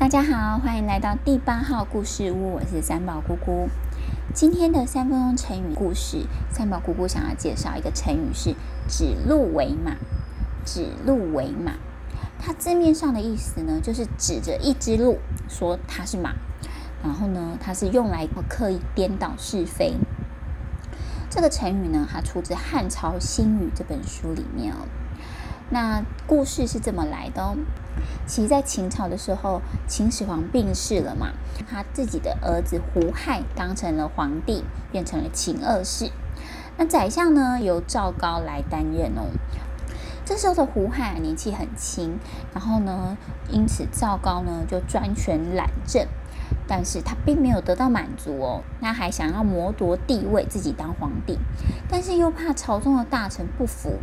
大家好，歡迎來到第八號故事屋，我是三寶姑姑。今天的三分鐘成語故事，三寶姑姑想要介紹一個成語是“指鹿為馬”。指鹿為馬，它字面上的意思呢，就是指着一隻鹿說它是馬，然後呢，它是用來刻意顛倒是非。這個成語呢，它出自漢朝《新語》這本書裡面哦。那故事是這麼來的哦。其實在秦朝的時候，秦始皇病逝了嘛，他自己的兒子胡亥當成了皇帝，變成了秦二世。那宰相呢，由趙高來擔任哦。這時候的胡亥年紀很輕，然後呢，因此趙高呢就專權攬政。但是他並沒有得到滿足哦，他還想要謀奪帝位，自己當皇帝，但是又怕朝中的大臣不服。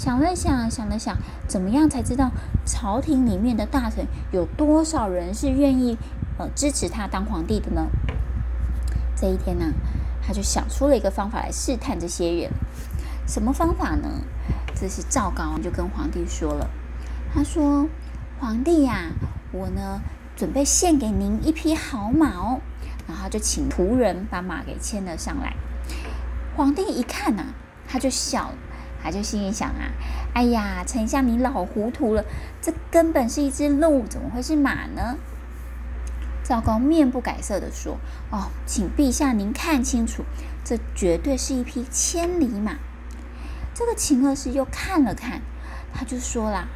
想了想，想了想，怎麼樣才知道朝廷裡面的大臣有多少人是願意呃支持他當皇帝的呢？這一天呢，他就想出了一個方法來試探這些人。什麼方法呢？這是趙高就跟皇帝說了，他說：“皇帝呀，我呢準備獻給您一匹好馬哦。”然後就請僕人把馬給牽了上來。皇帝一看呢，他就笑了。他就心裡想啊，哎呀，丞相，你老糊塗了，這根本是一隻鹿，怎麼會是馬呢？趙高面不改色地說，哦，請陛下您看清楚，這絕對是一匹千里馬。這個秦二世又看了看，他就說啦，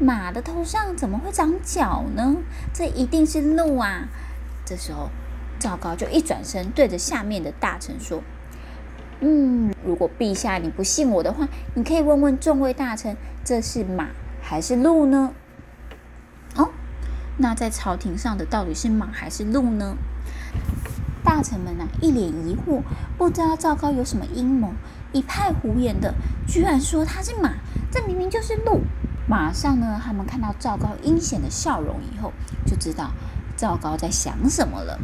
馬的頭上怎麼會長角呢？這一定是鹿啊。這時候趙高就一轉身對着下面的大臣說。嗯，如果陛下你不信我的話，你可以問問眾位大臣，這是馬還是鹿呢？哦，那在朝廷上的到底是馬還是鹿呢？大臣們呢、啊、一臉疑惑，不知道趙高有什麼陰謀，一派胡言的，居然說他是馬，這明明就是鹿。馬上呢，他們看到趙高陰險的笑容以後，就知道趙高在想什麼了，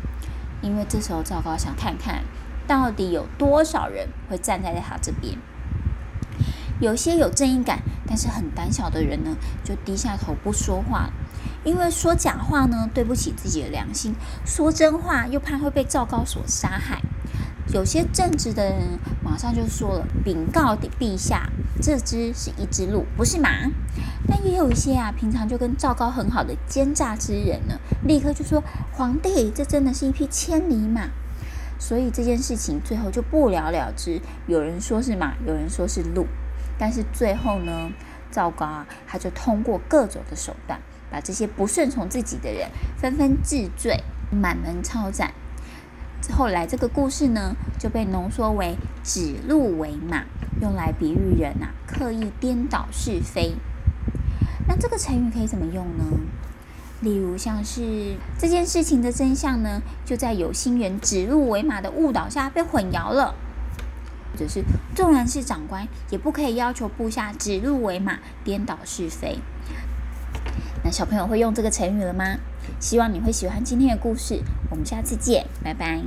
因為這時候趙高想看看。到底有多少人會站在他這邊？有些有正義感但是很膽小的人呢，就低下頭不說話了，因為說假話呢，對不起自己的良心，說真話又怕會被趙高所殺害。有些正直的人馬上就說了，稟告給陛下，這只是一隻鹿，不是馬。但也有一些啊，平常就跟趙高很好的奸詐之人呢，立刻就說，皇帝，這真的是一匹千里馬。所以這件事情最後就不了了之，有人說是馬，有人說是鹿，但是最後呢，趙高啊，他就通過各種的手段，把這些不順從自己的人紛紛治罪，滿門抄斬。後來這個故事呢，就被濃縮為“指鹿為馬”，用來比喻人啊，刻意顛倒是非。那這個成語可以怎麼用呢？例如，像是這件事情的真相呢，就在有心人指鹿為馬的誤導下被混淆了。或者是，縱然是長官，也不可以要求部下指鹿為馬，顛倒是非。那小朋友會用這個成語了嗎？希望你會喜歡今天的故事，我們下次見，拜拜。